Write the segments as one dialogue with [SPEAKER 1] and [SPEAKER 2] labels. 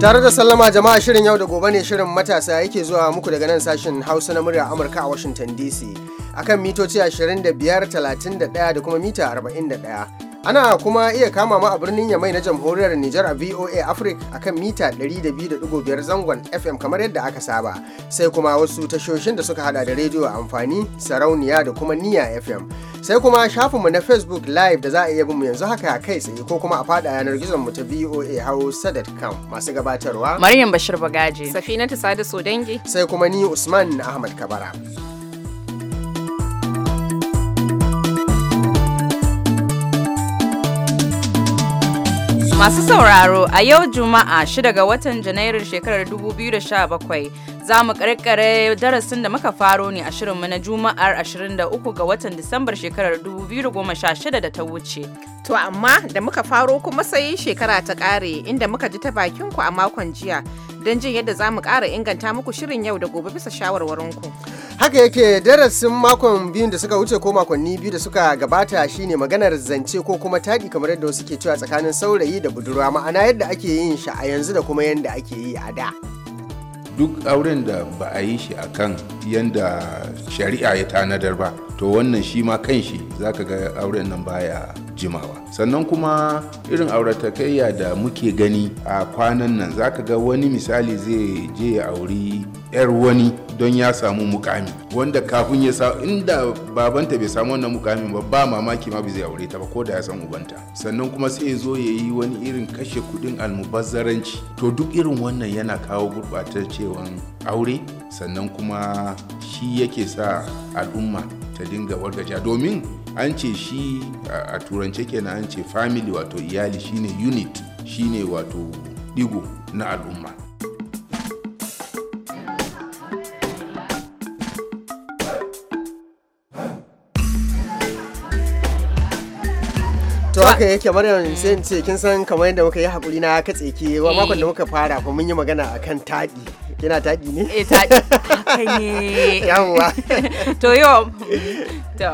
[SPEAKER 1] Tare da sallama jama'a shirin yau da gobe ne shirin matasa yake zuwa muku daga nan sashen Hausa na murya Amurka a Washington DC akan mitoci 25, 31 da kuma mita 41. Ana kuma iya kama mu a birnin Yamai na jamhuriyar Nijar a VOA Africa akan mita 102.5 zangon FM kamar yadda aka saba. Sai kuma wasu tashoshin da suka hada da rediyo amfani, sarauniya da kuma niya FM. Sai kuma shafinmu na Facebook Live da za a iya bin mu yanzu haka kai tsaye ko kuma a fada yanar gizon mu ta VOA Hausa.com masu gabatarwa. Maryam Bashir Bagaji. Safina Sada Sodangi. Sai kuma ni Usman Ahmad Kabara.
[SPEAKER 2] masu sauraro a yau Juma'a 6 ga watan Janairun shekarar 2017 za mu karkare darasin da muka faro ne a shirinmu na Juma'ar 23 ga watan Disambar shekarar 2016 da ta wuce. To amma da muka faro kuma sai shekara ta kare inda muka ji ta bakinku a makon jiya. don jin yadda za mu ƙara inganta muku shirin yau da gobe bisa shawarwarinku. Haka
[SPEAKER 1] yake darasin makon biyu da suka wuce ko makonni biyu da suka gabata shine maganar zance ko kuma taɗi kamar yadda wasu ke cewa tsakanin saurayi da budurwa ma'ana yadda ake yin shi a yanzu da kuma yadda ake yi a da.
[SPEAKER 3] duk auren da ba a yi shi akan yadda shari'a ya tanadar ba to wannan shi ma kan shi za ka ga auren nan baya jimawa sannan kuma irin auratakayya da muke gani a kwanan nan za ka ga wani misali zai je ya auri 'yar wani don ya samu mukami wanda kafin ya sa inda babanta bai samu wannan mukamin ba ba mamaki ma bai zai aure ta ba ko da ya san ubanta sannan kuma sai ya zo ya yi wani irin kashe kudin almubazzaranci to duk irin wannan yana kawo gurɓatacewan aure sannan kuma shi yake sa al'umma ta dinga wargaja domin an ce shi a turance kenan an ce family wato iyali shine unit shine wato digo na al'umma
[SPEAKER 1] to haka yake maryam sai in ce kin san kamar yadda muka yi hakuri na katse ki wa eh. makon da muka fara kuma mun yi magana akan taɗi kina taɗi ne eh taɗi haka ne
[SPEAKER 2] yawwa to yau to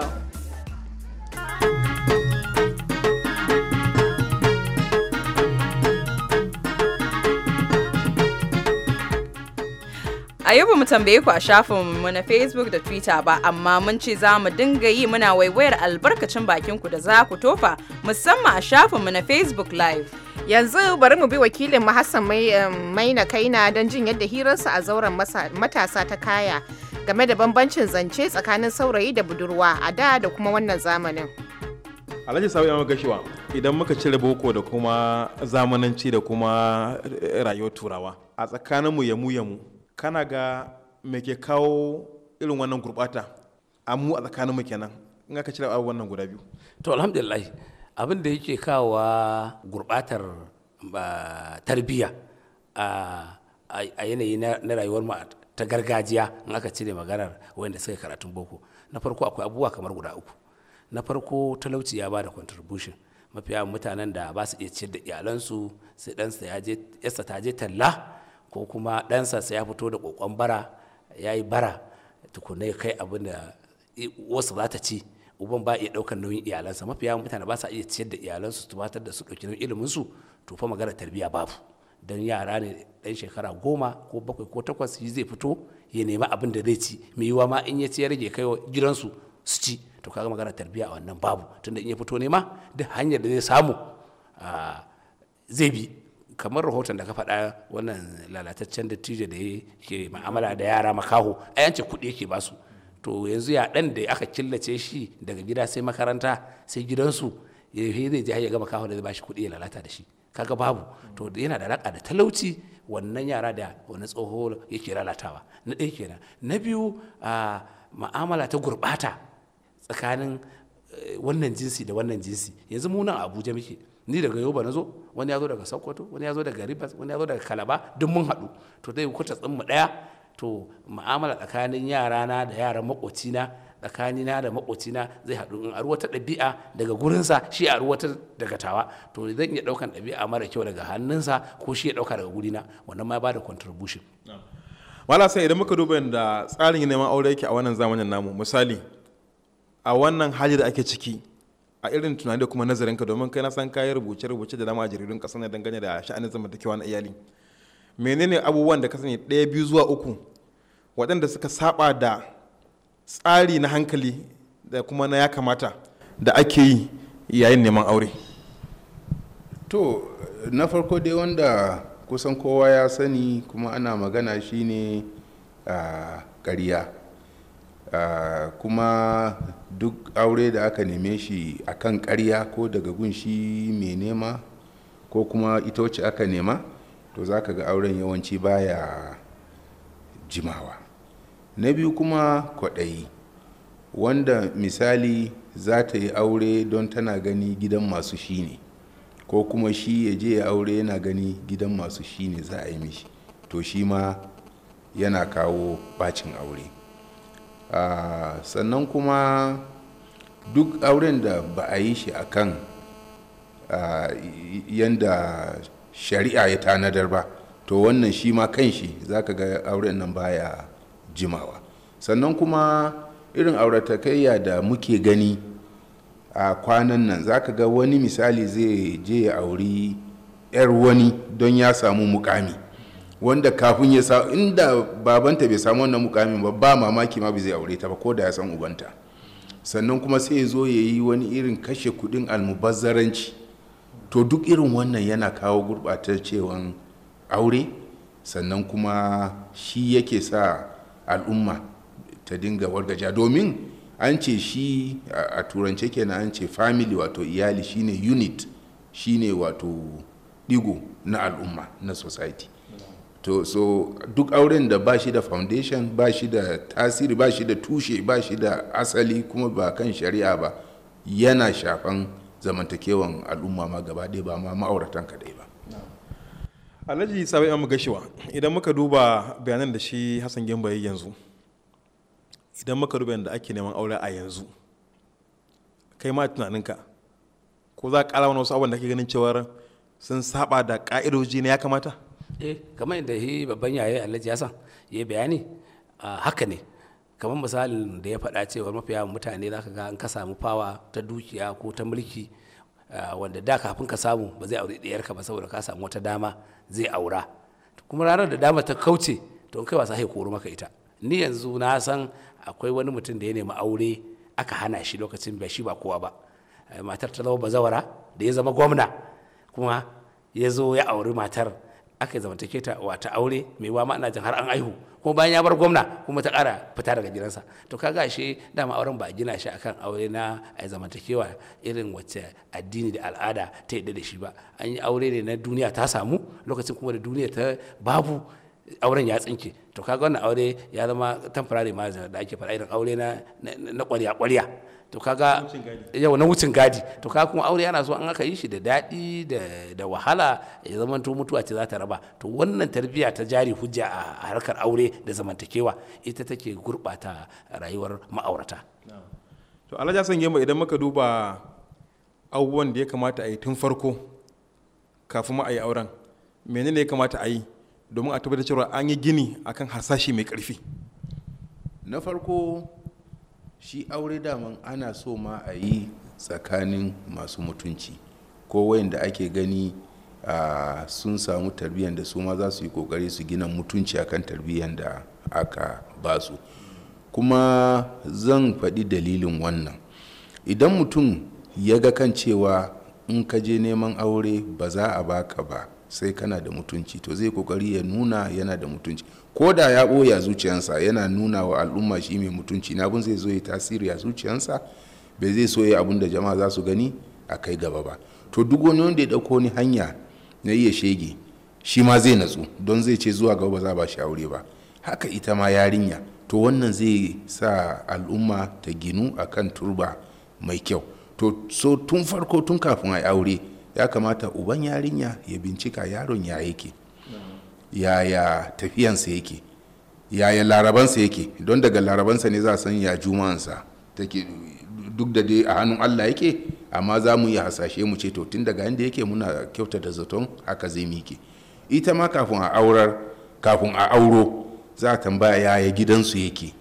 [SPEAKER 2] A yau mu tambaye ku a shafin na Facebook da Twitter ba, amma mun ce za mu dinga yi muna waiwayar albarkacin bakin ku da za ku tofa, musamman a shafin mu na Facebook Live. Yanzu bari mu bi wakilin mu Hassan Maina Kaina don jin yadda hirarsa a zauren matasa ta kaya game da bambancin zance tsakanin saurayi da budurwa a da da kuma wannan zamanin.
[SPEAKER 4] Alhaji Sabi Yamma Gashiwa, idan muka cire boko da kuma zamananci da kuma rayuwar turawa a tsakanin mu yamu yamu kana ga me ke kawo irin wannan gurɓata a mu a tsakaninmu kenan in aka cire abubuwan nan guda biyu to alhamdulillah
[SPEAKER 5] abin da yake kawowa gurɓatar tarbiyya a yanayi na rayuwar mu ta gargajiya in aka cire maganar wanda suka karatun boko na farko akwai abubuwa kamar guda uku na farko talauci ya ba da contribution mafiya mutanen da ba su iya ciyar da iyalansu sai ɗansa ya je ta je talla ko kuma ɗansa sai ya fito da ƙoƙon bara ya yi bara tukunai kai abin da wasu za ta ci uban ba iya ɗaukar nauyin iyalansa mafi yawon mutane ba sa iya ciyar da iyalansu su tubatar da su ɗauki nauyin iliminsu to fa magana tarbiyya babu dan yara ne ɗan shekara goma ko bakwai ko takwas shi zai fito ya nema abin da zai ci mai yiwa ma in ya ci ya rage kai gidansu su ci to kaga magana tarbiyya a wannan babu tunda in ya fito ne ma duk hanyar da zai samu ah, zai bi kamar rahoton da ka faɗa wannan lalataccen dattijo da ke ma'amala da yara makaho a yance kuɗi yake basu to yanzu ya ɗan da aka killace shi daga gida sai makaranta sai gidansu ya zai je ya ga makaho da zai bashi kuɗi ya lalata da shi kaga babu to yana da alaƙa da talauci wannan yara da wani tsoho yake lalatawa na ɗaya kenan na biyu a ma'amala ta gurɓata tsakanin eh, wannan jinsi da wannan jinsi yanzu mu nan abuja muke ni daga yoba na zo wani ya zo daga sokoto wani ya zo daga ribas wani ya zo daga kalaba duk mun haɗu to dai kuta tsinmu ɗaya to mu'amala tsakanin yarana da yaran maƙocina tsakanina da maƙocina zai haɗu in aruwa ta ɗabi'a daga gurinsa shi aruwa ta daga tawa to zan iya ɗaukan ɗabi'a mara kyau daga hannunsa ko shi ya ɗauka daga gurina wannan ma ba da contribution wala sai idan muka duba da
[SPEAKER 4] tsarin neman aure yake a wannan zamanin namu misali a wannan hali da ake ciki a irin tunani da kuma nazarinka domin kai na san kayi rubuce rubuce da dama a jaridun kasa na dangane da sha'anin zamantakewa na iyali menene abubuwan da ka sani ɗaya biyu zuwa uku waɗanda suka saba da tsari na hankali da kuma na ya kamata da ake yi yayin neman aure
[SPEAKER 3] to na farko dai wanda kusan kowa ya sani kuma ana magana shine a ah, ƙarya Ah, kuma duk aure da aka neme shi a kan karya ko daga gunshi mai nema ko kuma ita wacce aka nema to za ka ga auren yawanci baya jimawa na biyu kuma kwaɗayi wanda misali za ta yi aure don tana gani gidan masu shi ne ko kuma shi ya je ya aure yana gani gidan masu shi ne za a yi mishi to shi ma yana kawo bacin aure Ah, sannan kuma duk auren da ba a yi shi a kan ah, yanda shari'a ya tanadar ba to wannan shi ma kan shi za ka ga auren nan baya jimawa sannan kuma irin auratakayya da muke gani a kwanan nan za ka ga wani misali zai je ya auri 'yar wani don ya samu mukami wanda kafin ya sa inda babanta bai samu wannan mukamin ba ba mamaki ma bai zai aure ta ba ko da ya san ubanta sannan kuma sai ya zo ya yi wani irin kashe kudin almubazzaranci to duk irin wannan yana kawo gurɓatacewan aure sannan kuma shi yake sa al'umma ta dinga wargaja domin an ce shi a turance kenan an ce family wato iyali shine unit shine wato digo na al'umma na society to so duk auren da ba shi da foundation ba shi da tasiri ba shi da tushe ba shi da asali kuma ba kan shari'a ba yana shafan zamantakewan al'umma ma gaba ɗaya ba ma ma'auratan kaɗai ba
[SPEAKER 4] alhaji sabai amma gashiwa idan muka duba bayanan da shi hassan gimba ya yanzu idan muka duba yadda ake neman aure a yanzu kai ma tunaninka ko za ka
[SPEAKER 5] ƙara wani wasu abubuwan da ake ganin
[SPEAKER 4] cewar sun saba da ƙa'idoji ne ya kamata eh
[SPEAKER 5] kamar yadda shi babban yaye alhaji yasan ya bayani haka ne kamar misalin da ya faɗa cewa yawan mutane za ka ga in ka samu fawa ta dukiya ko ta mulki wanda da kafin ka samu ba zai aure ɗiyarka ba saboda ka samu wata dama zai aura kuma ranar da dama ta kauce to kai wasa sai koro maka ita ni yanzu na san akwai wani mutum da ya nemi aure aka hana shi lokacin bai shi ba kowa ba matar ta zama bazawara da ya zama gwamna kuma ya zo ya auri matar aka yi zamantake ta wata aure mai wa ana jin har an aihu kuma bayan ya bar gwamna kuma ta kara fita daga gidansa to kaga shi dama auren ba gina shi akan aure na a zamantakewa irin wacce addini da al'ada ta yadda da shi ba an yi aure ne na duniya ta samu lokacin kuma da duniya ta babu auren ya tsinke to kaga wannan aure ya zama temporary marriage da ake faɗa irin aure na na ƙwarya ƙwarya to kaga yau na wucin gadi to kaga kuma aure yana so an aka yi shi da daɗi da da wahala ya zama to mutuwa ce za ta raba to wannan tarbiyya ta jari hujja a harkar aure da zamantakewa ita take gurɓata rayuwar ma'aurata to alhaji hassan gemba idan muka duba abubuwan da ya
[SPEAKER 4] kamata a yi tun farko kafin ma a yi auren menene ya kamata a yi domin a tabbatar cewa an yi gini akan hasashi mai ƙarfi na farko
[SPEAKER 3] shi aure daman ana so ma a yi tsakanin masu mutunci ko wayanda ake gani sun samu tarbiyyar da su ma za su yi kokari su gina mutunci akan tarbiyyar da aka ba su kuma zan faɗi dalilin wannan idan mutum ya ga kan cewa in ka je neman aure ba za a baka ba sai kana da mutunci to zai kokari ya nuna yana da mutunci ko da ya ɓoya zuciyansa yana nuna wa al'umma shi mai mutunci na abin zai zo ya tasiri a zuciyarsa bai zai so ya abin da jama'a za su gani a kai gaba ba to duk wani wanda ya ɗauko ni hanya na iya shege shi ma zai natsu don zai ce zuwa gaba ba za ba shi aure ba haka ita ma yarinya to wannan zai sa al'umma ta ginu akan turba mai kyau to so tun farko tun kafin a aure ya kamata uban yarinya ya bincika yaron ya yake yaya tafiyansa yake yaya larabansa yake don daga larabansa ne za a san ya jumansa take duk da dai a hannun allah yake amma za mu yi hasashe mu ce to tun daga inda yake muna kyauta da zaton haka zai miki ita ma kafin a aurar kafin a auro za a tambaya yaya gidansu yake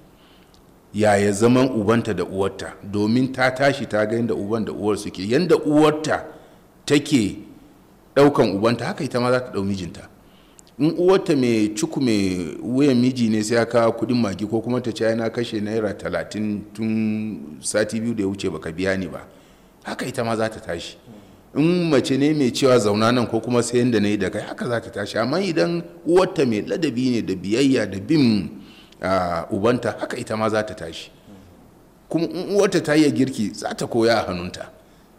[SPEAKER 3] yaya zaman ubanta da uwarta domin ta tashi ta ga yadda uban da uwar suke yadda uwarta take daukan ubanta haka ita ma za ta dau mijinta in uwarta mai cuku mai wuyan miji ne sai aka kudin magi ko kuma ta ce na kashe naira talatin tun sati biyu da ya wuce baka biya ni ba haka ita ma za ta tashi in mace ne mai cewa zauna nan ko kuma sayan da na yi da kai haka za ta tashi amma idan uwarta mai ladabi ne da biyayya da bin ubanta haka ita ma za ta tashi kuma in uwarta ta yi girki za ta koya a hannunta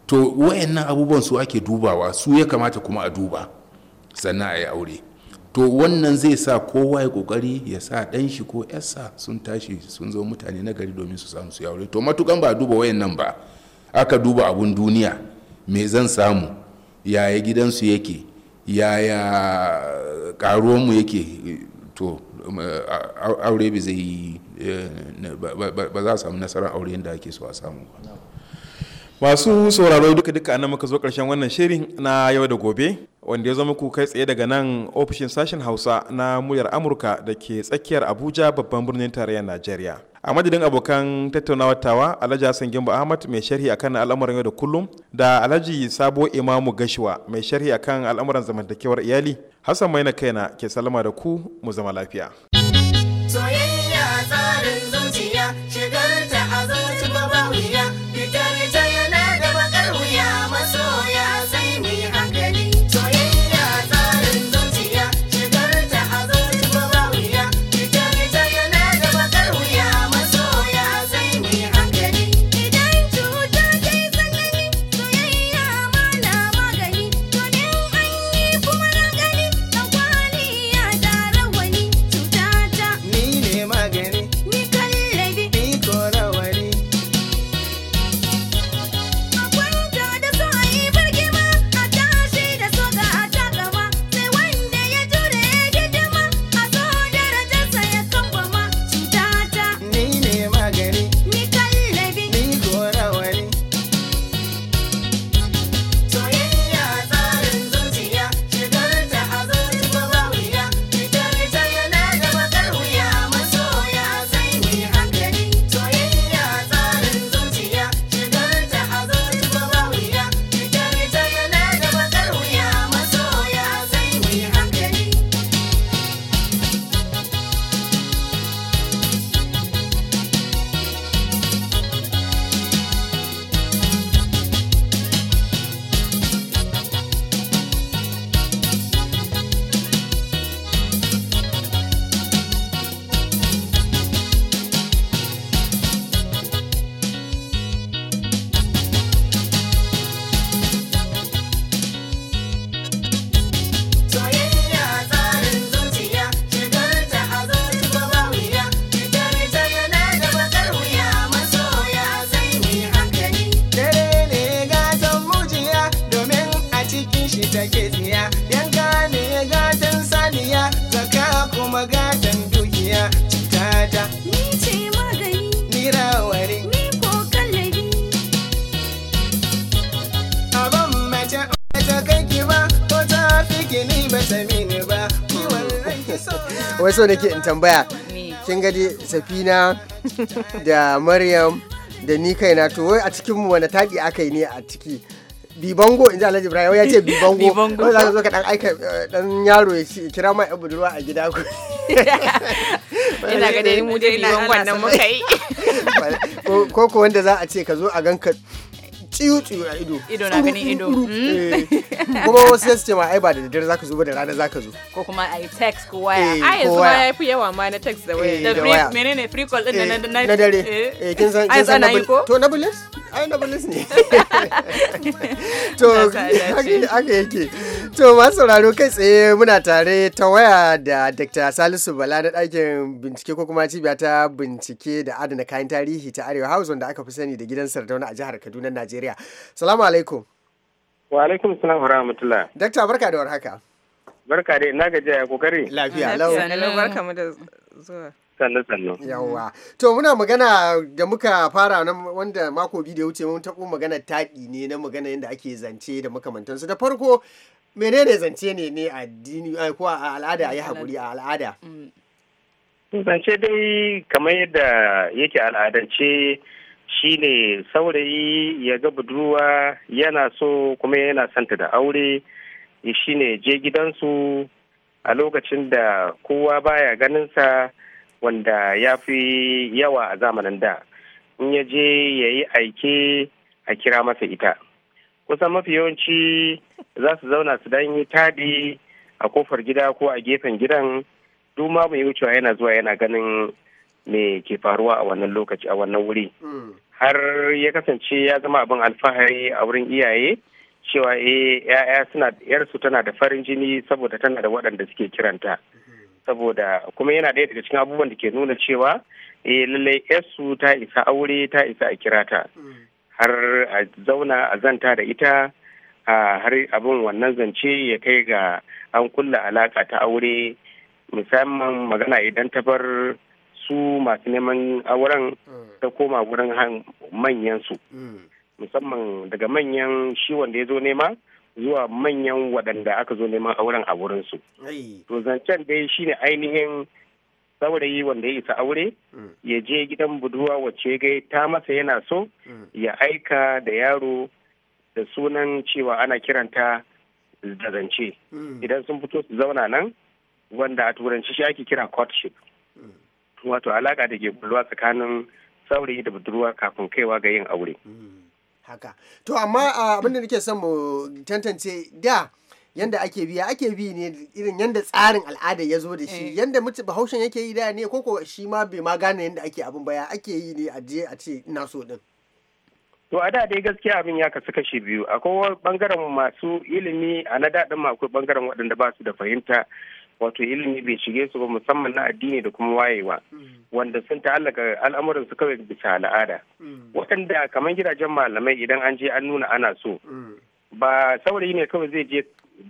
[SPEAKER 3] to wayannan abubuwan su ake dubawa su ya kamata kuma a duba sannan a yi aure to wannan zai sa kowa ya kokari ya sa dan shi ko yarsa sun tashi sun zo mutane na gari domin su samu su yi aure to matukan ba duba wayannan ba aka duba abun duniya me zan samu yaya gidansu yake yaya karuwanmu yake to um, aure ba zai eh, ba za a samu nasarar aure yadda ake so a samu ba masu
[SPEAKER 4] sauraro duka duka anan muka zo karshen wannan shirin na yau da gobe wanda ya zama ku kai tsaye daga nan ofishin sashen hausa na muryar amurka da ke tsakiyar abuja babban birnin tarayyar najeriya a madadin abokan tattaunawa tawa alhaji hassan gimba ahmad mai sharhi akan al'amuran yau da kullum da alhaji sabo imamu gashiwa mai sharhi akan al'amuran zamantakewar iyali hassan maina kaina ke salama da ku mu zama lafiya
[SPEAKER 1] so nake in tambaya kin gadi safina da maryam da ni kaina to wai a cikin mu wani taɗi aka yi ne a ciki bibango in ji alhaji ibrahim ya ce bibango wanda za ka zo ka dan aika dan eh, yaro ya kira ma yan budurwa a gida ku
[SPEAKER 6] ina ga dai mu dai ina wannan muka
[SPEAKER 2] yi
[SPEAKER 1] ko ko wanda za a ce ka zo a ganka ciyu-ciyu a ido
[SPEAKER 2] ido na gani ido eh. hmm. kuma wasu su
[SPEAKER 1] ce ma ai ba da daddare zaka zo ba da rana zaka zo
[SPEAKER 2] ko kuma ai text ko waya eh, a yanzu ma fi yawa ma na text da waya eh, da free menene free call din na na dare eh kin san kin san to na bullet ai na bullet ne to
[SPEAKER 1] haka yake to masu sauraro kai tsaye muna tare ta waya da Dr. Salisu Bala na ɗakin bincike ko kuma cibiya ta bincike da adana kayan tarihi ta Arewa House wanda aka fi sani da gidan Sardauna a jihar Kaduna Najeriya Najeriya. Salamu alaikum.
[SPEAKER 7] Wa alaikum salam wa rahmatullah. Dakta
[SPEAKER 1] barka da warhaka.
[SPEAKER 7] Barka dai na gaji a kokari. Lafiya
[SPEAKER 1] lau. Sannan barka
[SPEAKER 2] mu da zuwa. Sannan sannan. Yawwa.
[SPEAKER 1] To muna magana da muka fara nan wanda mako biyu da ya wuce mun taɓo magana taɗi ne na magana yadda ake zance da makamantansu. Da farko menene zance ne ne a addini eh, ko a al'ada a yi haƙuri a al'ada. Mm.
[SPEAKER 7] Zance dai kamar yadda yake al'adance shine saurayi ya ga budurwa yana so kuma yana santa da aure eh, shine je gidansu a lokacin da kowa baya ganinsa wanda ya fi yawa a zamanin da in ya je ya yi aike a kira masa ita kusan mafi yawanci za su zauna su dan yi tadi a kofar gida ko a gefen gidan duma mai wucewa yana zuwa yana ganin me ke faruwa a wannan lokaci a wannan wuri hmm. har ya kasance ya zama abin alfahari a wurin iyaye cewa eh ya'ya suna yarsu tana da farin jini saboda tana da waɗanda suke kiranta hmm. saboda kuma yana ɗaya daga cikin abubuwan da ke nuna cewa eh lallai yarsu ta isa aure ta isa a kirata hmm. har a zauna a zanta da ita har abin wannan zance ya kai ga an kulla alaka ta aure musamman magana idan ta bar su masu neman auren mm. ta koma wurin manyan su mm. musamman daga manyan shi wanda ya zo nema zuwa manyan waɗanda aka zo neman auren a wurin su To zancen dai shine ainihin saurayi wanda ya isa aure mm. ya je gidan budurwa wacce ga ta masa yana so ya aika da yaro da sunan cewa ana kiranta da zance idan sun fito su zauna nan wanda a turanci shi ake kira courtship wato alaka da ke bulwa tsakanin saurayi da budurwa kafin kaiwa ga yin aure hmm,
[SPEAKER 1] haka to amma ah, abin da nake son mu tantance da yanda ake biya ake bi ne irin yanda tsarin al'ada ya zo da shi eh. yanda mutu bahaushen yake yi da ne koko shi ma bai ma gane yanda ake abin baya ake yi ne a je a
[SPEAKER 7] ce ina so din to a da dai gaskiya abin ya kasu kashi biyu akwai bangaren masu ilimi a na daɗin ma akwai bangaren waɗanda ba su da fahimta wato ilimi bai shige su ba musamman na addini da kuma wayewa wanda sun ta'allaka al'amuran su kawai bisa al'ada waɗanda kamar gidajen malamai idan an je an nuna ana so ba saurayi ne kawai zai je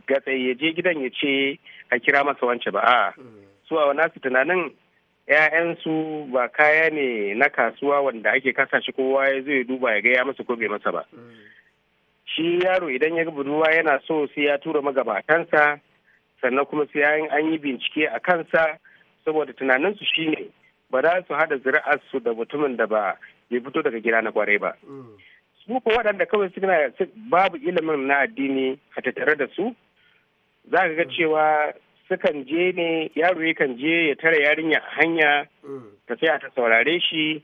[SPEAKER 7] gatsai ya je gidan ya ce a kira masa wance ba a su a su tunanin 'ya'yansu ba kaya ne na kasuwa wanda ake kasa shi kowa ya zai duba ya gaya masa ko bai masa ba shi yaro idan ya budurwa yana so sai ya tura magabatansa sannan kuma sai an yi bincike a kansa saboda tunaninsu shine ba za su hada zuri'arsu da mutumin da ba ya fito daga gida na kwarai ba. Mm. Su kuma waɗanda kawai suna babu ilimin na addini a tattare da su za ka ga mm. cewa sukan je ne yaro kan je ya tara yarinya a hanya mm. ta sai ta saurare shi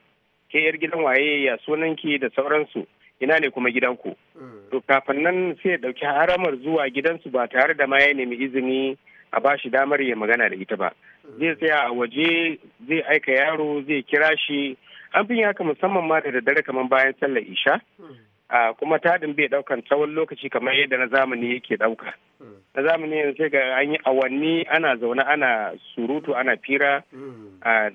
[SPEAKER 7] ke yar gidan waye ya sunanki da sauransu. ina ne kuma gidanku mm. to kafin nan sai ya ɗauki haramar zuwa gidansu ba tare da ma ya nemi izini a ba shi damar ya magana da ita ba mm. zai tsaya a waje zai aika yaro zai kira shi an fi haka musamman ma da daddare kamar bayan sallar isha mm. a kuma tadin bai daukan tsawon lokaci kamar yadda na zamani yake ɗauka. na zamani yanzu sai ga an yi awanni ana zaune ana surutu ana fira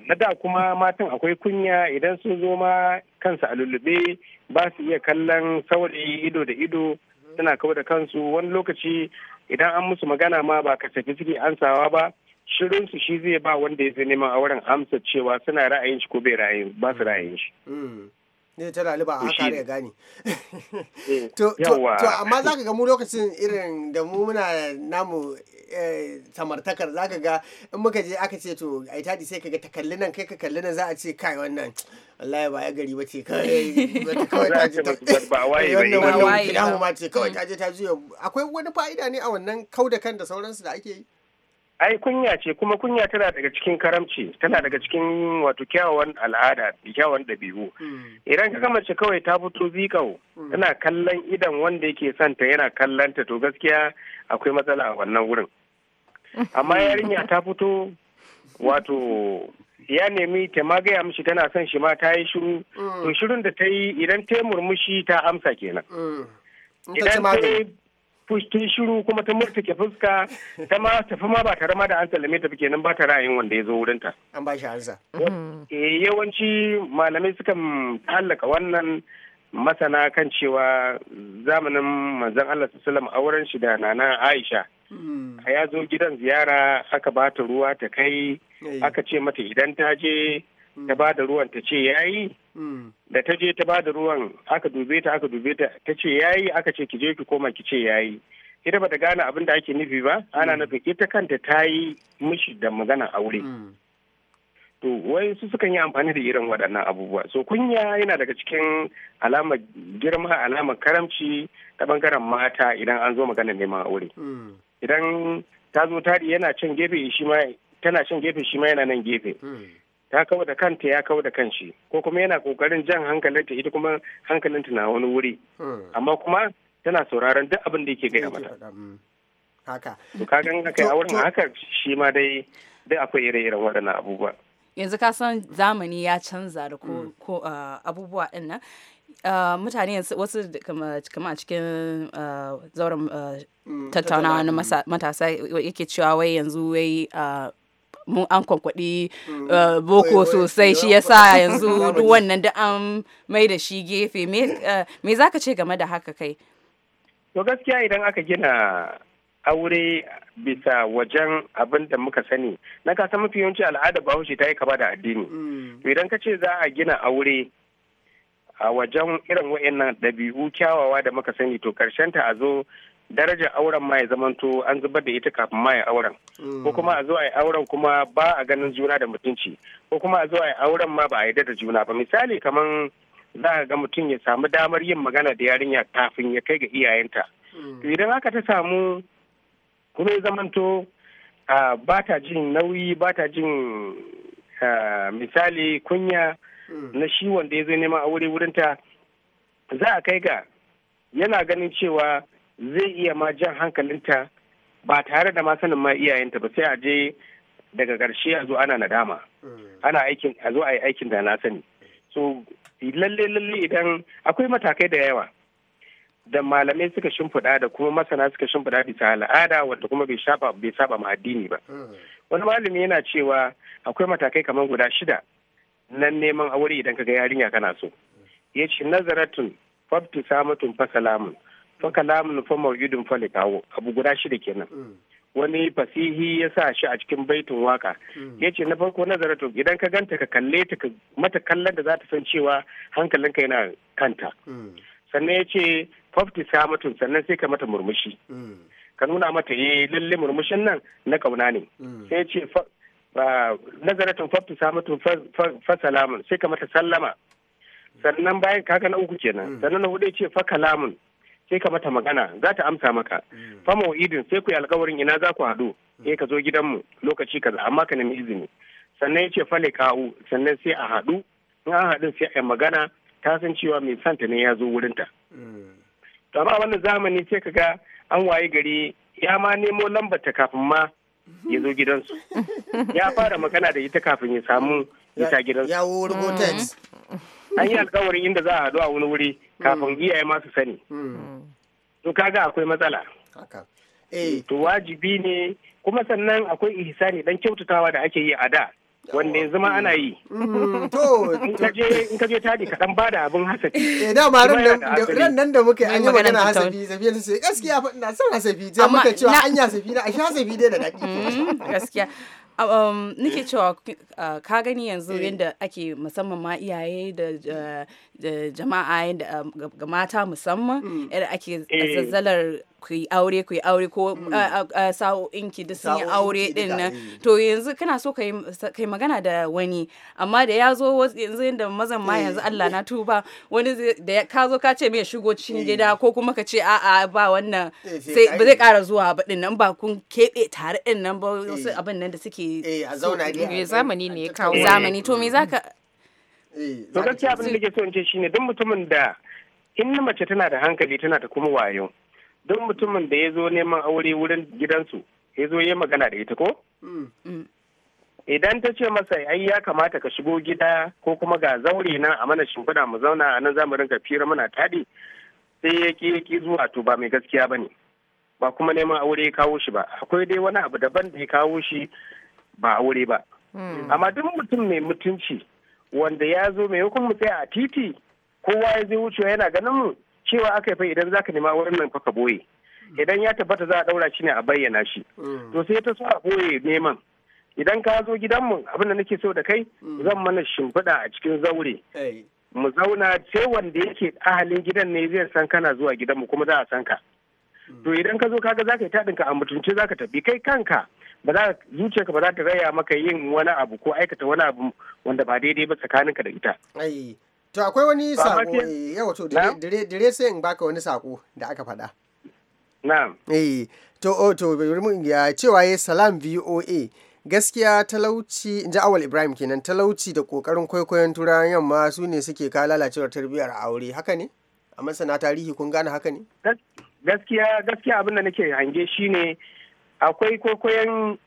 [SPEAKER 7] na da kuma matan akwai kunya idan sun zo ma kansa a lullube ba su iya kallon saurayi ido da ido suna kawo da kansu wani lokaci idan an musu magana ma ba ka kasafi suke ansawa ba shirinsu shi zai ba wanda ya zai neman auren amsa cewa suna ra'ayin shi ko bai ra'ayin ba su ra'ayin shi.
[SPEAKER 6] Hmm.
[SPEAKER 1] ne ta laliba a haka ya gane eh, to amma za ka ga mu lokacin irin da mu muna namu Eh, samartakar zaka ga in muka je aka ce to ai tadi sai kaga ta kalli nan kai ka kalli nan za a ce kai wannan wallahi ba ya gari ba ce kawai
[SPEAKER 4] ta je ta ba waye ba wannan
[SPEAKER 1] ba ce kawai mm. ta je ta juya akwai wani fa'ida ne a wannan kauda kan da sauransu da ake yi
[SPEAKER 7] ai kunya ce kuma kunya tana daga cikin karamci tana daga cikin wato kyawawan al'ada da kyawawan ɗabi'u hmm. idan ka mace kawai ta fito zikau hmm. tana kallon idan wanda yake son ta yana kallon ta to gaskiya akwai matsala a wannan wurin amma yarinya ta fito wato ya nemi ta ma gaya mishi tana son shi ma ta yi shiru hmm. to shirin da ta yi idan ta yi murmushi ta amsa kenan ta shiru kuma ta murtuke fuska ta ma tafi ma ba tare ma da an sallame ta nan ba ta ra'ayin wanda ya zo wurinta. an ba shi eh yawanci malamai sukan hallaka wannan masana kan cewa zamanin manzon Allah sallallahu auren shi da nana Aisha hmm. a ya zo gidan ziyara aka ba ta ruwa ta kai eh. aka ce mata idan ta je ta hmm. ba da ruwan ta ce yayi da ta je ta ba da ruwan aka dube ta aka dube ta ta ce yayi aka ce ki je ki koma ki ce yayi ita bata gane abin da ake nufi ba ana mm. nufi ita kanta ta yi mishi da magana aure mm. to wai su sukan yi amfani da irin waɗannan abubuwa so kunya yana daga cikin alama girma alama karamci ta bangaren mata idan an zo magana neman aure mm. idan ta zo tari yana can gefe shi ma tana gefe shi ma yana nan gefe ta kawo da kanta ya kawo da kanshi ko kuma yana kokarin jan hankalinta ita kuma hankalinta na wani wuri hmm. amma kuma tana sauraron duk abin da yake gaya mata hmm. haka to ga kai a wurin haka shi ma dai duk akwai ire-iren waɗannan abubuwa
[SPEAKER 2] yanzu ka san zamani ya canza da ko hmm. ah, abubuwa din nan ah, mutane wasu kama cikin ah, zauren tattaunawa na matasa yake cewa wai yanzu wai mun an kwankwaɗi mm. eh, boko sosai shi yasa yanzu duk wannan da an mai da shi gefe eh, me za ka ce game da haka kai to gaskiya idan
[SPEAKER 7] aka gina aure bisa wajen abin da muka sani na kasa mafi yawanci al'ada bahaushe ta yi kaba da addini mm. idan ka ce za a gina aure a wajen irin wa'annan ɗabi'u kyawawa da muka sani to karshen ta a zo darajar auren ma ya zamanto an zubar da ita kafin ma ya auren mm. ko kuma a zo a yi auren kuma ba a ganin juna da mutunci ko kuma a zo a yi auren ma ba a yarda da juna ba misali kaman za ka ga mutum ya samu damar yin magana da yarinya kafin ya kai ga iyayenta mm. idan haka ta samu kuma ya zamanto ba ta jin nauyi ba ta jin misali kunya mm. na shi wanda ya zo neman aure wurinta za a kai ga yana ganin cewa zai iya ma jan hankalinta ba tare da ma sanin ma iyayenta ba sai a je daga ƙarshe a zo ana nadama mm. ana aikin a zo a yi aikin da na sani so lalle lalle idan akwai matakai da yawa da malamai suka shimfiɗa da kuma masana suka shimfiɗa bisa al'ada wanda kuma bai saba bai saba ma addini ba mm. wani malami yana cewa akwai matakai kamar guda shida nan neman aure idan ka ga yarinya kana so mm. ya ce nazaratun fabtu samatun fasalamun fa kalamun fa mawjudun fa kawo abu guda shida kenan mm. wani fasihi ya sa shi a cikin baitin waka mm. ya ce na farko nazaratu idan ka ganta ka kalle ta mata kallon da za ta san cewa hankalinka yana kanta mm. sannan ya ce fafti mutum sannan sai ka mata murmushi ka nuna mata yi eh, lalle murmushin nan na kauna ne sai ya ce nazaratun fafti mutum fa salamun sai ka mata sallama sannan bayan kaga na uku kenan sannan na hudu ya ce fa kalamun sai ka mata magana za ta amsa maka mm. fama wa idin sai ku yi alkawarin ina za ku haɗu mm. eh ka zo gidanmu lokaci kaza amma ka nemi izini sannan ya ce fale kawo sannan sai a haɗu in an haɗu sai a magana ta san cewa mai santa ne ya zo wurinta. Mm. to amma wannan zamani sai ka ga an waye gari ya ma nemo ta kafin ma ya zo gidansu ya fara magana da ita kafin ya samu ita
[SPEAKER 3] gidansu
[SPEAKER 7] an yi alkawarin inda za a haɗu a wani wuri kafin mm. iyaye masu sani mm. Mm. to kaga akwai matsala eh. to wajibi ne kuma sannan akwai ihsani dan kyautatawa da ake yi a da wanda yanzu ma ana yi. To, in ka je tadi kaɗan ba da abin hasafi. Eh, ma ran
[SPEAKER 1] nan da muka an yi magana hasafi, zafi da sai gaskiya na son hasafi, sai muka cewa an yi hasafi na a sha hasafi dai da daɗi.
[SPEAKER 2] Gaskiya. Ah, um, nike eh. cewa ah, ka gani yanzu eh. yadda ake musamman ma iyaye da jama'a yadda ah, ga mata musamman mm. yadda ake eh. zazzalar ku yi aure ku yi aure ko mm. sawo inki da sun yi aure din nan eh. to yanzu kana so kai magana da wani amma da ya zo yanzu yadda mazan ma yanzu eh. Allah na tuba wani da ka zo ka ce mai shigo cikin gida eh. ko kuma ka ce a'a ba wannan sai ba zai kara zuwa ba din nan ba kun keɓe tare din nan ba wasu abin nan da suke zamani ne ya kawo zamani to me zaka to gaskiya abin da ke so in ce
[SPEAKER 7] shine duk mutumin da in mace tana da hankali tana da kuma wayo duk mutumin da ya zo neman aure wurin gidansu ya zo ya magana da ita ko?
[SPEAKER 6] Mm, mm.
[SPEAKER 7] Idan ta ce masa ai ya kamata ka shigo gida ko kuma ga zaure nan a mana shimfiɗa mu zauna a nan zamu rinka fira muna taɗi sai ya ki ki zuwa to ba mai gaskiya ba ne ba kuma neman aure ya kawo shi ba akwai dai wani abu daban da ya kawo shi ba aure ba. Mm. Amma duk mutum mai mutunci wanda ya zo mai mu tsaya a titi kowa ya zai wucewa yana ganin mu cewa aka fa idan zaka nema wannan nan fa ka boye idan ya tabbata za a daura shi ne a bayyana shi mm. to sai ta so a boye neman idan ka zo gidanmu abin da nake so da kai mm. zan mana shimfiɗa a cikin zaure mu zauna sai wanda yake ahalin gidan ne zai san kana zuwa gidanmu kuma za a san ka mm. to idan ka zo kaga zaka yi ka a mutunce zaka tafi kai kanka ba za zuciyarka ba za ta raya maka yin wani abu ko aikata wani abu wanda ba daidai ba tsakaninka da ita
[SPEAKER 1] To akwai wani sako yawa to eh, dire sai in baka wani sako da aka faɗa. Na'am. Eh to o oh, to ya cewa ya salam VOA gaskiya talauci in ji awal Ibrahim kenan talauci da kokarin kwaikwayon turawan yamma su ne suke ka lalacewar tarbiyyar aure haka ne? A masana tarihi kun gane haka ne? Gaskiya gaskiya abin
[SPEAKER 7] da nake hange shine akwai kwaikwayon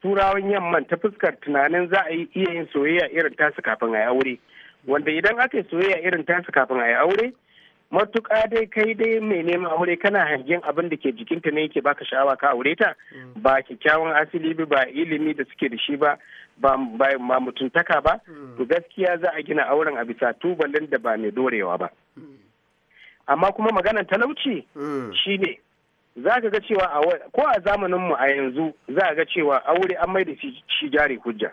[SPEAKER 7] turawan yamma ta fuskar tunanin za a iya yin soyayya irin tasu kafin a yi aure. wanda idan aka yi soyayya irin tasu kafin a yi aure matuƙa dai kai dai mai neman aure kana hangen abin da ke jikinta ne yake baka sha'awa ka aure ta mm. ba kyakkyawan asili ba ilimi da suke da shi ba ba mutuntaka ba mm. to gaskiya za a gina auren a bisa tubalin da ba mai dorewa ba mm. amma kuma maganar talauci ne za ka ga cewa ko a zamaninmu a yanzu za a ga cewa aure an mai da shi jari hujja.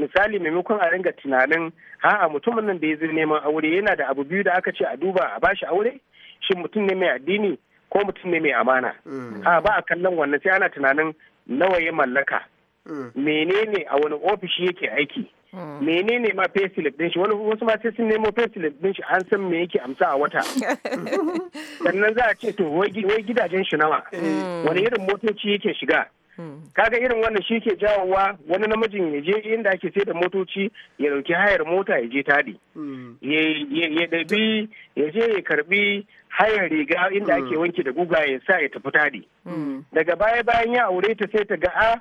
[SPEAKER 7] misali maimakon a ringa tunanin a mutumin nan da ya zai neman aure yana da abu biyu da aka ce a duba a bashi aure shin mutum ne mai addini ko mutum ne mai amana mm. a ba a kallon wannan sai ana tunanin nawa ya mallaka mm. menene a wani ofishi yake aiki mm. menene ma payslip din shi wani wasu ma sai sun nemo payslip din shi an san me yake amsa a wata sannan za a ce to wai gidajen shi nawa wani irin motoci yake shiga Mm. kaga irin wannan shi ke jawowa wani namijin ya je inda ake sai da motoci ya dauki hayar mota ya je tadi mm. ya ɗabi ya je ya karbi hayar riga inda ake mm. wanke da guga ya sa ya tafi tadi daga baya bayan ya aure ta sai ta ga a ah,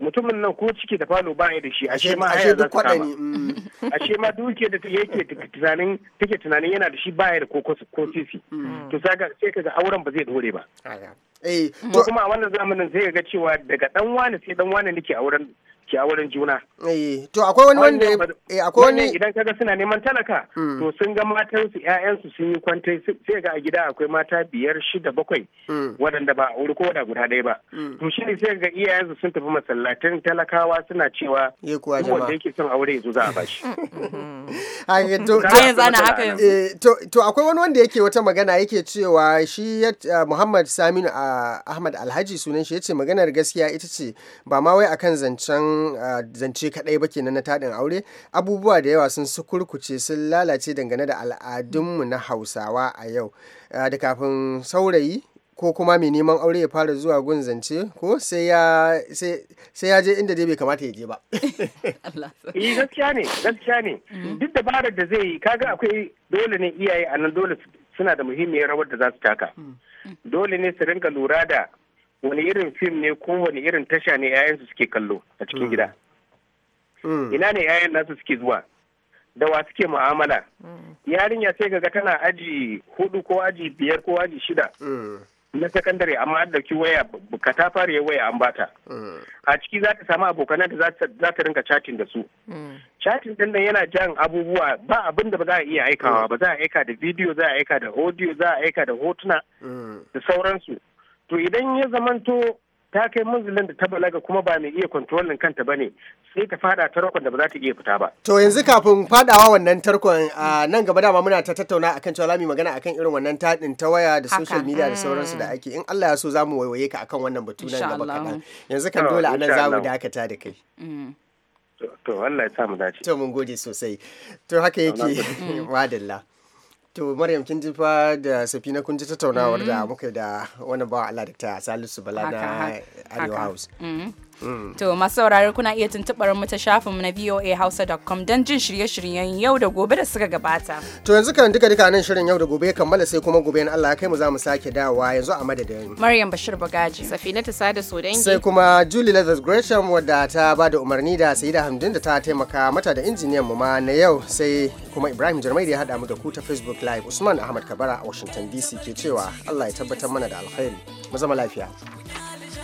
[SPEAKER 7] mutumin nan ko ciki da falo ba ya da shi ashe ma haya za su mm. ashe ma duke da yake tunanin take tunanin yana da shi ba ya da ko sisi mm. to saka sai kaga auren ba zai dore ba eh kuma a wannan zamanin sai ga cewa daga dan wani sai dan wani nake auren shawarar juna. Eh, to akwai wani wanda eh, akwai wani idan kaga suna neman talaka hmm. to sun ga matan su ƴaƴan su sun yi kwantai sai ga a gida akwai mata biyar shida bakwai hmm. waɗanda ba a ko da guda ɗaya ba hmm. to shi ne sai ga iyayen su sun tafi masallatin talakawa suna cewa eh wanda yake son aure yanzu za a bashi.
[SPEAKER 1] to to akwai wani wanda yake wata magana yake cewa shi Muhammad Saminu ah, Ahmad Alhaji sunan shi yace maganar gaskiya ita ce ba ma wai akan zancen a zance kaɗai ba kenan na taɗin aure abubuwa da yawa sun kurkuce sun lalace dangane da al'adunmu na hausawa a yau da kafin saurayi ko kuma mai neman aure ya fara zuwa gun zance ko sai ya je inda dai bai kamata ya
[SPEAKER 7] je ba. Eh gaskiya ne gaskiya ne mm. duk dabarar da zai yi kaga akwai dole ne iyaye a nan dole suna da muhimmiyar rawar da za su taka. Mm. Dole ne su rinka lura da wani irin fim ne ko wani irin tasha ne 'ya'yansu suke kallo a cikin mm. gida mm. ina ne 'ya'yan nasu suke zuwa da wa suke mu'amala mm. yarinya sai ga tana aji hudu ko aji biyar ko aji shida na sakandare amma an dauki waya bukata fare waya an bata a ciki za ta samu abokan da za ta rinka chatin da su chatin din nan yana jan abubuwa ba abin ba za a iya aikawa ba za a aika da bidiyo za a aika da audio za a aika da hotuna da sauransu to idan ya zamanto ta kai manzilin da ta balaga kuma ba mai iya kontrolin kanta ba ne sai ta fada tarkon da ba za ta iya fita ba.
[SPEAKER 1] To yanzu kafin fadawa wannan tarkon a nan gaba dama muna ta tattauna akan cewa lami magana akan irin wannan taɗin ta waya da social media da mm. sauransu da ake in Allah ya so za mu waiwaye ka akan wannan batu nan gaba kaɗan yanzu kan dole a nan za mu dakata da kai. Mm. To Allah ya sa mu dace. To mun gode sosai. To haka yake madalla. to maryam kin ji fa da safina kun ji tattaunawar da mm-hmm. muka da wani bawa Allah da ta salisu bala na arewa house
[SPEAKER 2] mm-hmm. To masu sauraro kuna iya tuntuɓar mu ta shafin mu na voahausa.com don jin shirye-shiryen yau da gobe da suka gabata.
[SPEAKER 1] To yanzu kan duka duka nan shirin yau da gobe kammala sai kuma gobe in Allah kai mu za mu sake dawowa yanzu a madadin.
[SPEAKER 2] Maryam Bashir Bagaji. Safina ta sada Sodangi. Sai kuma
[SPEAKER 1] Julie Lazarus Gresham wadda ta ba da umarni da da Hamdin da ta taimaka mata da injiniyan mu ma na yau sai kuma Ibrahim Jarmai da ya haɗa mu da ku ta Facebook Live Usman Ahmad Kabara a Washington DC ke cewa Allah ya tabbatar mana da alkhairi. Mu zama lafiya.